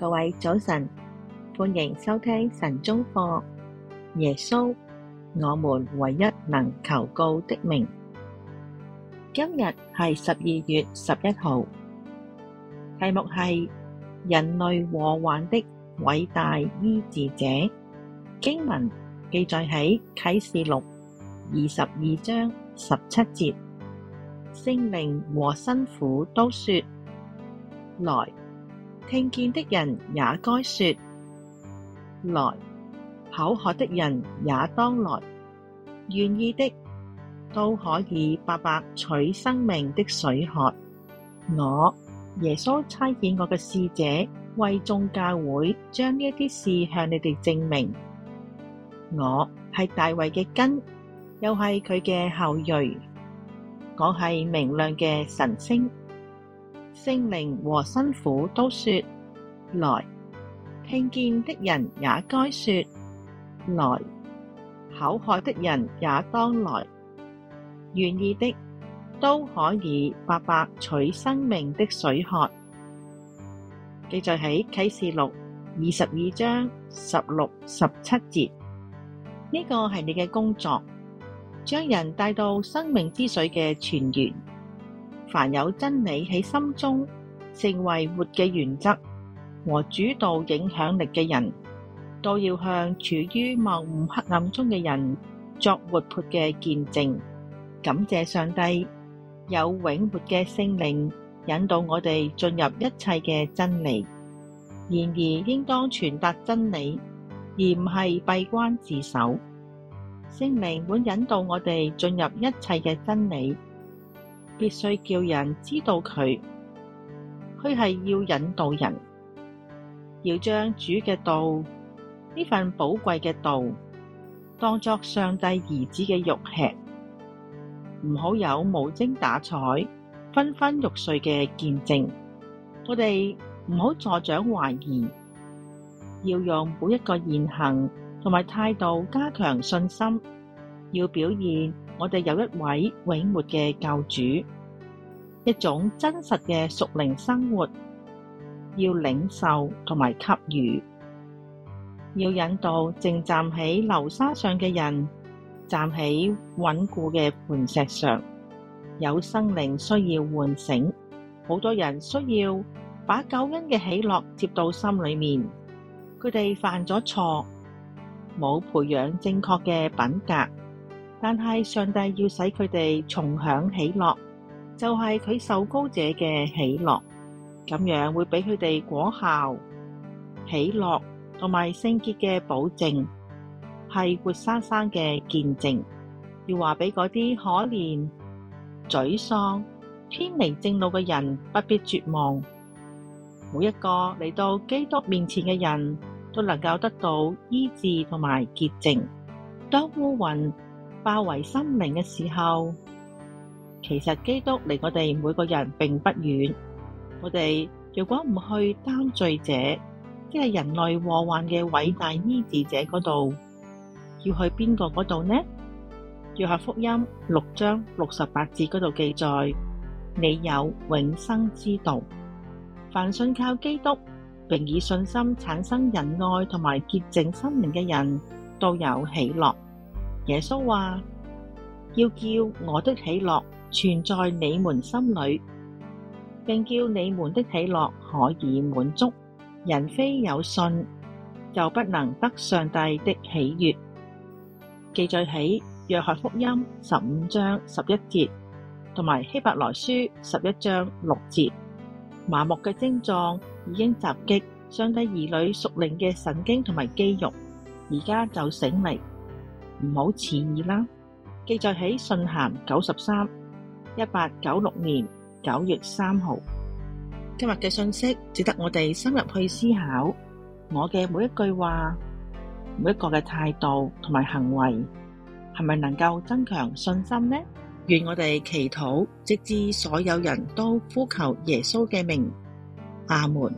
各位早晨，歡迎收聽晨鐘課。耶穌，我哋唯一能求告的名。今日係十二月十一號，題目係人類禍患的偉大醫治者。經文記載喺啟示錄二十二章十七節，聖靈和新婦都說來。聽見的人也該說，來，口聖靈和新婦都說，來，聽見的人也該說，來，口渴的人也當來，願意的都可以白白取生命的水喝。記載喺啟示錄二十二章十六十七節，呢、這個係你嘅工作，將人帶到生命之水嘅泉源。凡有真理在心中，成為活的原則，和主導影響力的人，都要向處於謬誤黑暗中的人，作活潑的見證。感謝上帝，有永活的聖靈引導我們進入一切的真理。然而，應當傳達真理，而唔係閉關自守。聖靈會引導我們進入一切的真理。必須叫人知道佢，佢係要引導人，要將主嘅道，呢份寶貴嘅道，當作上帝兒子嘅肉吃，唔好有無精打采、昏昏欲睡嘅見證。我哋唔好助長懷疑，要用每一個言行同埋態度加強信心。要表現我哋有一位永活嘅救主，一種真實嘅屬靈生活，要領受同埋給予，要引導正站喺流沙上嘅人站喺穩固嘅磐石上。有生靈需要喚醒，好多人需要把救恩嘅喜樂接到心裏面。佢哋犯咗錯，冇培養正確嘅品格。但係上帝要使佢哋重享喜樂，就係佢受高者嘅喜樂，咁樣會俾佢哋果效喜樂同埋聖潔嘅保證，係活生生嘅見證。要話俾嗰啲可憐沮喪、偏離正路嘅人不必絕望。每一個嚟到基督面前嘅人都能夠得到醫治同埋潔淨。當烏雲化為生命嘅時候，其實基督離我哋每個人並不遠。我哋如果唔去擔罪者，即係人類禍患嘅偉大醫治者嗰度，要去邊個嗰度呢？要喺福音六章六十八節嗰度記載：你有永生之道。凡信靠基督，並以信心產生仁愛同埋潔淨心靈嘅人，都有喜樂。耶穌話：要叫我的喜樂存在你們心裡，並叫你們的喜樂可以滿足。人非有信，又不能得上帝的喜悅。記載喺約翰福音十五章十一節，同埋希伯來書十一章六節。麻木嘅症狀已經襲擊上帝兒女屬靈嘅神經同埋肌肉，而家就醒嚟。唔好遲疑啦！記載喺信函九十三，一八九六年九月三號。今日嘅信息值得我哋深入去思考。我嘅每一句話、每一個嘅態度同埋行為，係咪能夠增強信心呢？願我哋祈禱，直至所有人都呼求耶穌嘅名。阿門。